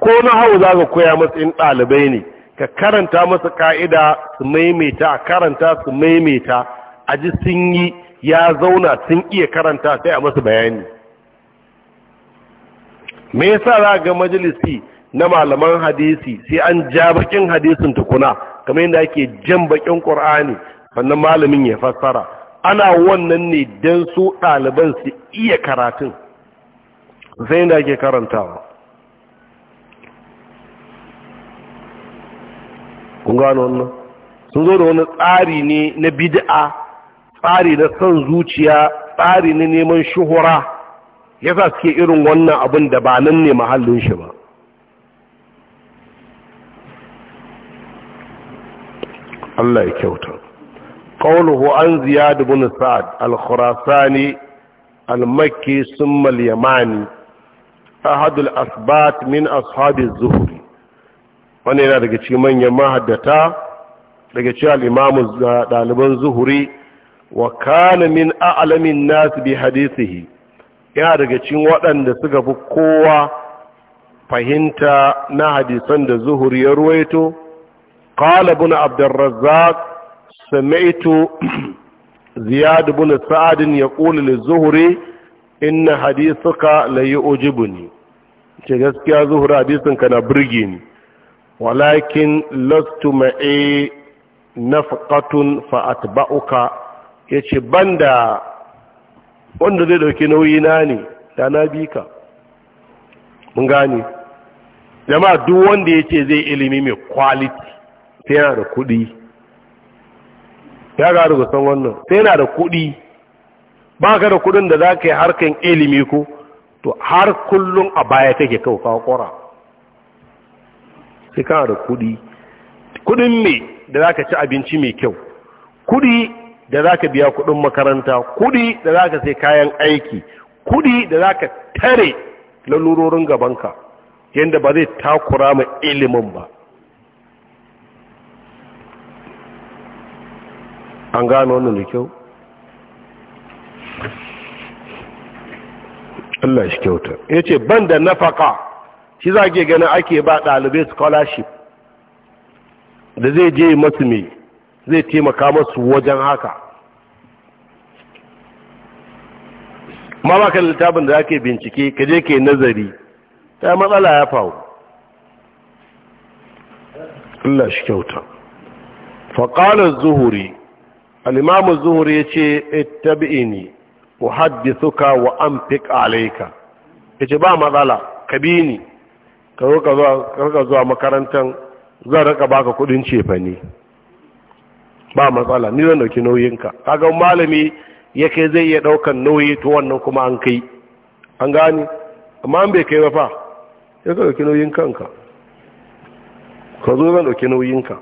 ko na hau za ka koya masu in ɗalibai ne ka karanta masu ka'ida su maimaita a karanta su maimaita a ji sun yi ya zauna sun iya karanta sai a masu bayani me yasa za ga majalisi na malaman hadisi sai an ja bakin hadisin tukuna kamar yadda ake jan bakin ƙur'ani? wannan malamin ya fassara ana wannan ne don su ɗaliban su iya karatun sai da ake karantawa kun gano wannan sun zo da wani tsari ne na bid'a tsari na son zuciya tsari na neman shuhura ya sa suke irin wannan abin da ba nan ne mahallin shi ba Allah ya kyauta ƙaunuhu an da bin sa'ad al-khurasani al-makki sun al-yamani ahadul asbat min ashabi zuhri wannan yana daga cikin manyan mahaddata daga cikin al'imamu ah, ɗaliban zuhuri wa kana min a'lamin nas bi hadisihi yana daga cikin waɗanda suka fi kowa fahimta na hadisan da zuhuri ya ruwaito qala ibn abdurrazzaq sami'tu ziyad sa'adin sa'ad yaqulu li zuhuri inna hadithuka la yu'jibuni ce gaskiya zuhur hadisin ka na burge ni walakin lastu ma'i nafqatun fa atba'uka yace banda wanda zai dauki nauyi na ne da na bi ka mun gane jama'a duk wanda yace zai ilimi mai quality sai yana da kuɗi ya ga da san wannan sai yana da kuɗi ba ka da kudin da za ka yi harkan ilimi ko to har kullum a baya take kawo kora sai kana da kudi kudin ne da za ka ci abinci mai kyau kudi da za ka biya kudin makaranta kudi da za ka sai kayan aiki kudi da za ka tare lalurorin gabanka yadda ba zai takura ma ilimin ba an gano wannan da kyau Allah shi kyauta ya ce ban da nafaka shi za ke ganin ake ba ɗalibai scholarship da zai je masu mai zai taimaka masu wajen haka ma ba ka littafin da ake bincike ka je ke nazari ta matsala ya faru Allah shi kyauta faƙalar zuhuri al'imamun zuhuri ya ce bi'ini uhaddithuka wa anfiq alayka ce ba matsala ka bi ni ka roka zuwa ka roka zuwa makarantan zan raka baka kudin cefane ba matsala ni zan dauki nauyinka kaga malami ya kai zai iya daukan nauyi to wannan kuma an kai an gani amma an bai kai ba fa ya ka dauki nauyin kanka ka zo zan dauki nauyinka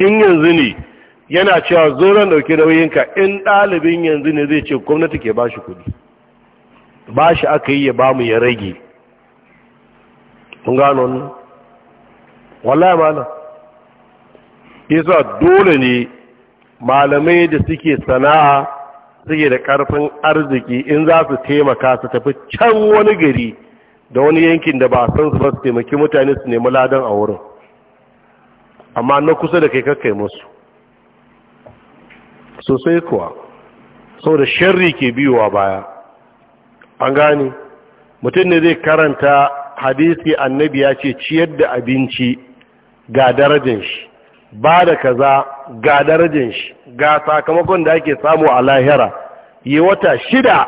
in yanzu ne yana cewa zoron dauke da nauyinka in ɗalibin yanzu ne zai ce gwamnati ke ba shi kudi ba aka yi ya ba mu ya rage kun gano wannan wallahi mana yasa dole ne malamai da suke sana'a suke da karfin arziki in za su taimaka su tafi can wani gari da wani yankin da ba san su ba su taimaki mutane su nemi ladan a wurin amma na kusa da kai kakkai musu sosai kuwa sau da sharri ke biyowa baya an gani mutum ne zai karanta hadisi annabi ya ce ciyar da abinci ga darajin shi ba da kaza ga darajin shi ga sakamakon da ake samu a lahira yi wata shida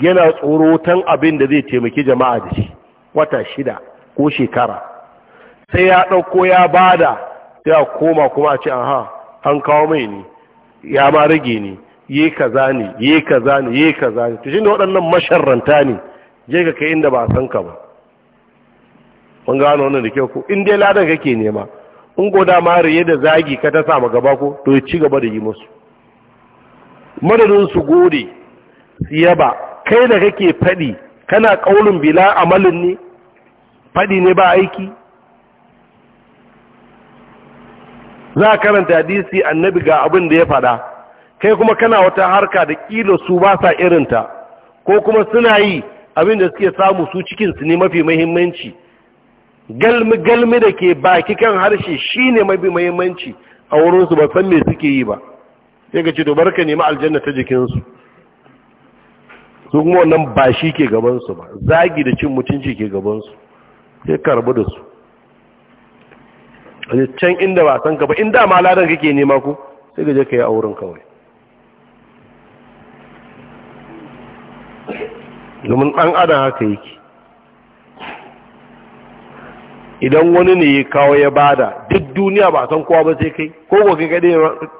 yana tsorotan abin da zai taimaki jama'a da shi wata shida ko shekara sai ya ɗauko ya bada sai a koma kuma a ce aha an kawo mai ne ya ma rage ni, yi kaza ne yi kaza ne yi kaza ne to ne waɗannan masharranta ne je ka kai inda ba a san ka ba mun gano wannan da kyau ko in dai ladan kake nema in goda ma riye da zagi ka ta samu gaba ko to ci gaba da yi musu madadin su gode su yaba kai da kake faɗi kana ƙaunin bila amalin ne faɗi ne ba aiki za a karanta hadisi annabi ga abin da ya faɗa kai kuma kana wata harka da kila su ba sa irinta ko kuma suna yi abin da suke samu su cikinsu ne mafi muhimmanci galmi-galmi da ke baki kan harshe shi ne mafi muhimmanci a wurinsu ba san me suke yi ba sai ka ce to barka nemi aljanna ta jikinsu su kuma wannan ba shi ke gabansu ba zagi da cin mutunci ke gabansu sai karbu da su wani can inda ba san ka ba inda ma ladan kake nema ku sai ka je ka yi a wurin kawai domin ɗan adam haka yake idan wani ne ya kawo ya bada duk duniya ba san kowa ba sai kai ko ko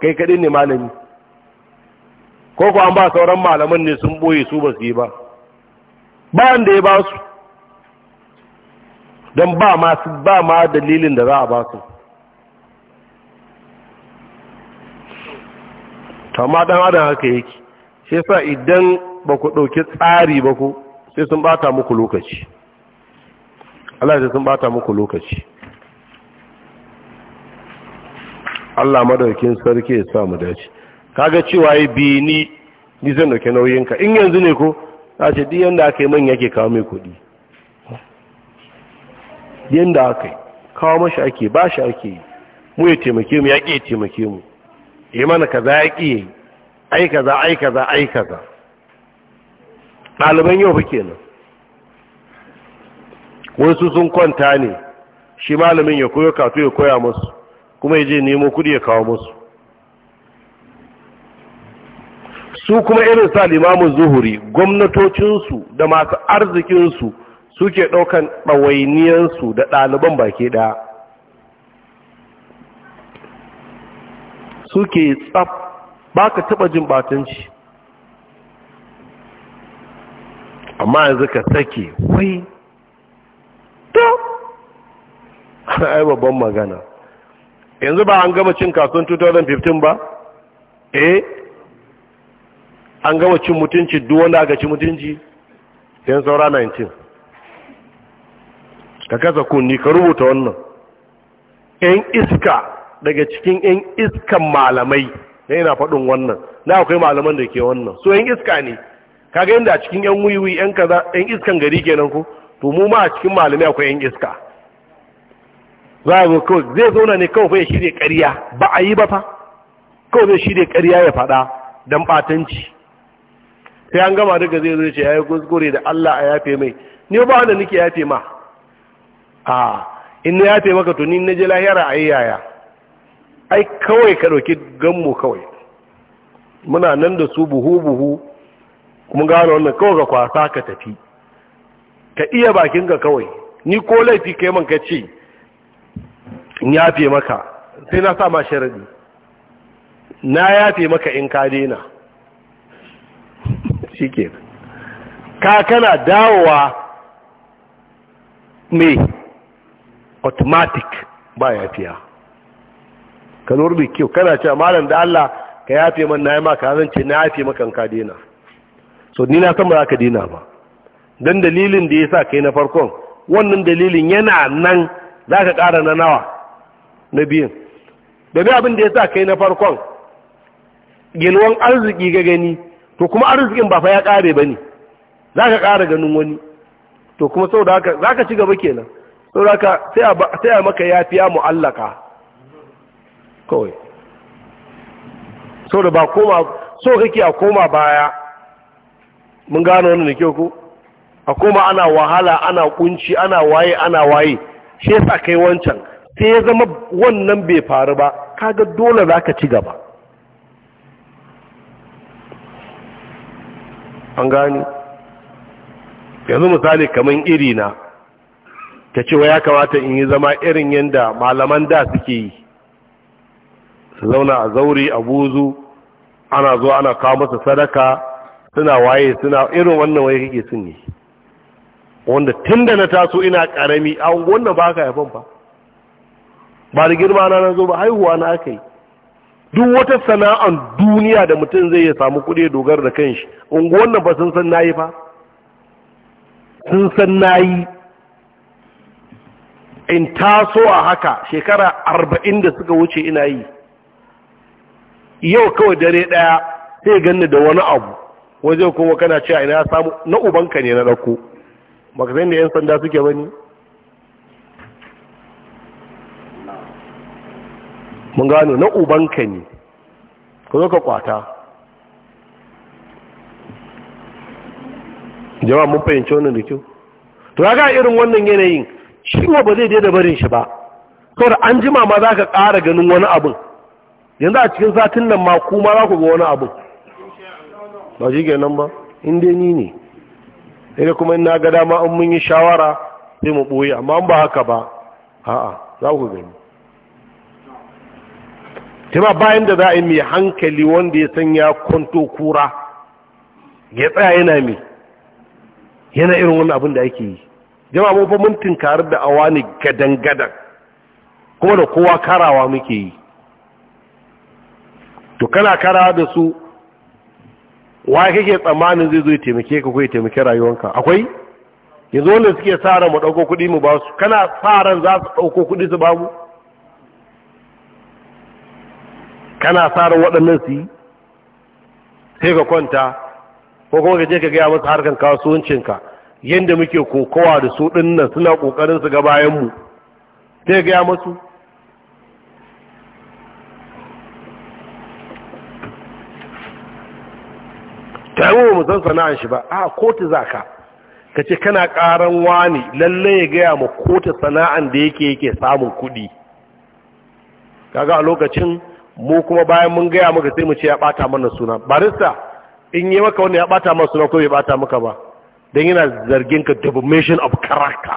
kai kaɗai ne malami ko ko an ba sauran malaman ne sun ɓoye su ba su yi ba ba da ya ba su don ba ma dalilin da za a ba su to amma dan adam haka yake shi yasa idan ba ku ɗauki tsari ba ku sai sun bata muku lokaci Allah sai sun bata muku lokaci Allah madaukin sarki ya sa mu dace kaga cewa yi bi ni ni zan dauke nauyinka in yanzu ne ko za ce duk yanda aka yi man ke kawo mai kuɗi yanda aka yi kawo mashi ake ba shi ake yi mu ya taimake mu ya ƙi taimake mu yi mana za ya ƙiye ai kaza ai kaza ai kaza ɗaliban yau fa nan. wasu sun kwanta ne shi malamin ya koyo kato ya koya musu kuma ya je nemo kudi ya kawo musu su kuma irin sa limamin zuhuri gwamnatocinsu da masu arzikinsu suke ɗaukan ɗawainiyansu da ɗaliban baki ɗaya suke tsaf ba ka taɓa jin batanci amma yanzu ka sake wai to ai babban magana yanzu ba an gama cin kasuwan 2015 ba eh an gama cin mutunci duk wanda aka ci mutunci yan saura 19 ka kasa kunni ka rubuta wannan yan iska daga cikin yan iskan malamai na yana faɗin wannan na akwai malaman da ke wannan so yan iska ne kaga yadda a cikin yan wiwi yan kaza yan iskan gari kenan ko to mu ma a cikin malamai akwai yan iska za a zo kawai zai zauna ne kawai fa ya shirya ƙarya ba a yi ba fa kawai zai shirya ƙarya ya faɗa don ɓatanci sai an gama daga zai zai ce ya yi kuskure da Allah a yafe mai ni ba wanda nake yafe ma a ah, in na yafe maka to ni na je lahira a yi yaya ai kawai ka ɗauki ganmu kawai muna nan da su buhu-buhu mun gano wannan kawai ga kwasa ka tafi ka iya bakinka kawai ni ko laifi kai man ka ce in yafe maka sai na sa ma sharadi na yafe maka in ka daina shi ke ka kana dawowa mai automatic ba yafiya ka lura da kyau kana ce malam da Allah ka yafe man na yi maka zan ce na yafe maka ka dena so ni na san ba za ka dena ba dan dalilin da ya sa kai na farkon wannan dalilin yana nan za ka ƙara na nawa na biyun domin abin da ya sa kai na farkon gilwan arziki ga gani to kuma arzikin ba fa ya ƙare ba ne za ka ƙara ganin wani to kuma sau da haka za ka ci gaba kenan sau da haka sai a maka yafiya mu'allaka kawai so da ba koma so kake a koma baya mun gano wani da ke ku. a koma ana wahala ana kunci ana waye ana waye shi yasa kai wancan sai ya zama wannan bai faru ba kaga dole zaka ci gaba an gani yanzu misali kamar iri na ta ce wa ya kamata in yi zama irin yadda malaman da suke yi su zauna a zauri a buzu ana zuwa ana kawo masa sadaka suna waye suna irin wannan waye kake sun yi wanda tun da na taso ina karami a wannan ba ka yafan ba ba da girma na nan zo ba haihuwa na aka yi duk wata sana'an duniya da mutum zai ya samu kuɗi ya dogara da kanshi unguwan nan ba sun san nayi ba? sun san nayi in taso a haka shekara arba'in da suka wuce ina yi yau kawai dare ɗaya sai ganni da wani abu waje kuma kana ce a ina samu na ubanka ne na ɗauko baka san da 'yan sanda suke bani mun gano na ubanka ne ka zo ka kwata jama'a mun fahimci wannan da kyau to ga irin wannan yanayin shi ba zai je da barin shi ba saboda an jima ma za ka ƙara ganin wani abin yanzu a cikin satin nan ma kuma za ku ga wani abu ba shi nan ba inda ni ne sai kuma in ga dama in mun yi shawara sai mu boye amma ba haka ba a'a za ku gani tima bayan da za a yi mai hankali wanda ya san ya kwanto kura ya tsaya yana mai yana irin wani abin da ake yi jama'a mun fa mun tinkari da awa ne gadan-gadan kuma da kowa karawa muke yi to kana kara da su wa kake tsammanin zai zo ya taimake ka ko ya taimake rayuwanka akwai yanzu wanda suke sa ran mu dauko kuɗi mu ba su kana sa ran za su dauko kuɗi su ba mu kana sa ran waɗannan su yi sai ka kwanta ko kuma ka je ka gaya masa harkan kasuwancinka yadda muke kokowa da su ɗin nan suna ƙoƙarin su ga bayanmu sai ka gaya masu ta yi mu san sana'an shi ba a kotu za ka ka ce kana karan wani lalle ya gaya ma kotu sana'an da yake yake samun kuɗi kaga a lokacin mu kuma bayan mun gaya maka sai mu ce ya ɓata mana suna barista in yi maka wani ya ɓata mana suna ko ya ɓata maka ba don yana zargin ka defamation of character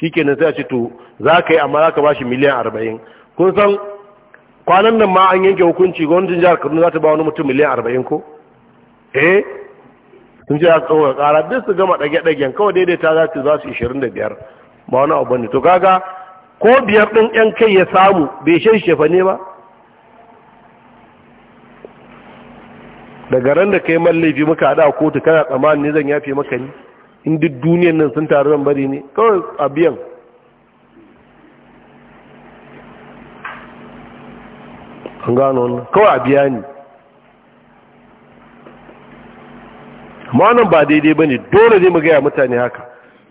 shi kenan sai a ce to za ka yi amma za ka ba shi miliyan arba'in kun san kwanan nan ma an yanke hukunci gwamnatin jihar kaduna za ta ba wani mutum miliyan arba'in ko eh sun ce a tsawo kara duk su gama ɗage-ɗagen kawai daidaita za su za su 25 ba wani abu ne to kaga ko biyar ɗin yan kai ya samu bai shan shefa ne ba daga ran da kai mallafi muka hada kotu kana tsammanin zan yafe maka ni in duk duniyan nan sun taru zan bari ne kawai a biyan an gano wannan kawai a biya ne manan ba daidai bane dole ne mu gaya mutane haka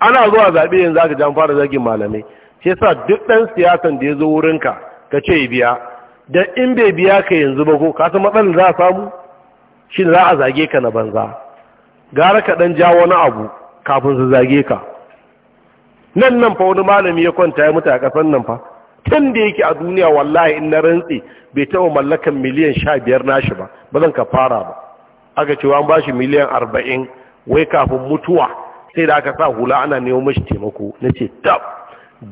ana zuwa zaɓe yanzu aka jan fara zagin malamai shi sa duk dan siyasan da ya zo wurinka ka ce biya dan in bai biya ka yanzu ba ko ka san matsalar za a samu Shin za a zage ka na banza gara ka ɗan ja wani abu kafin su zage ka nan nan fa wani malami ya kwanta ya mutu a nan fa tun da yake a duniya wallahi in na rantse bai taɓa mallakan miliyan sha biyar nashi ba ba zan ka fara ba aka cewa an bashi miliyan arba'in wai kafin mutuwa sai da aka sa hula ana neman mashi taimako na ce tab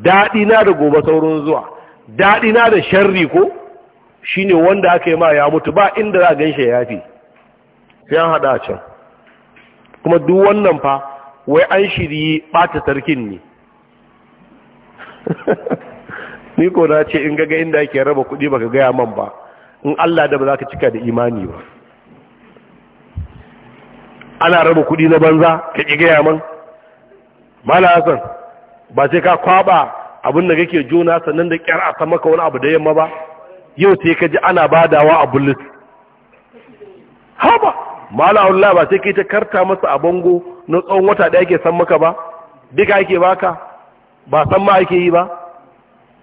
daɗi na da gobe saurin zuwa daɗi na da sharri ko shine wanda aka yi ma ya mutu ba inda za a gan shi ya fi sai an haɗa can kuma duk wannan fa wai an shirye ɓata sarkin ne ni ko na ce in gaga inda ake raba kuɗi baka gaya man ba in Allah da ba za ka cika da imani ba ana raba kuɗi na banza ka ƙi gaya man mala hasan ba sai ka kwaba abin da kake jona sannan da ƙyar a san maka wani abu da yamma ba yau sai ka ji ana badawa a bulus. haba mala Allah ba sai yi ta karta masa a bango na tsawon wata da yake san maka ba duka ake baka ba san ma ake yi ba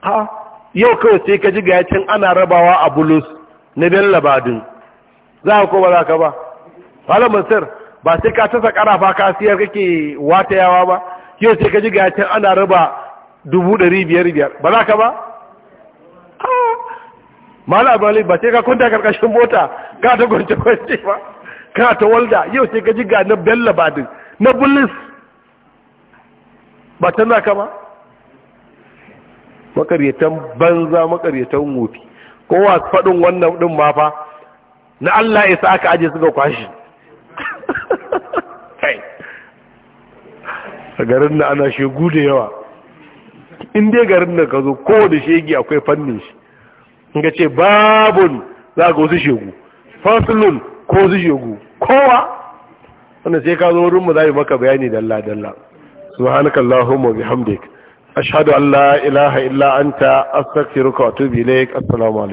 ha yau kawai sai ka ji yacin ana rabawa a bulus na labadin za ka ko ba za ka ba malam sir ba sai ka tasa karafa ka siyar kake watayawa ba yau sai ka ji can ana raba dubu ɗari biyar biyar ba za ka ba ah. mala abali ba sai ka kunta karkashin mota ka ta gwance kwanci ba ka ta walda yau sai ka ji ga na bella badin na bullis ba can za ka ba makaryatan banza makaryatan wofi kowa faɗin wannan ɗin ma fa na Allah ya sa aka aje ga kwashi a garin da ana shegu da yawa in dai garin da ka zo kowane shegi akwai fannin shi in ka ce babun za ka wasu shegu fasulun ko wasu shegu kowa wanda sai ka zo wurin mu za maka bayani dalla dalla subhanaka allahumma bihamdik ashhadu an la ilaha illa anta astaghfiruka wa atubu ilaik assalamu alaikum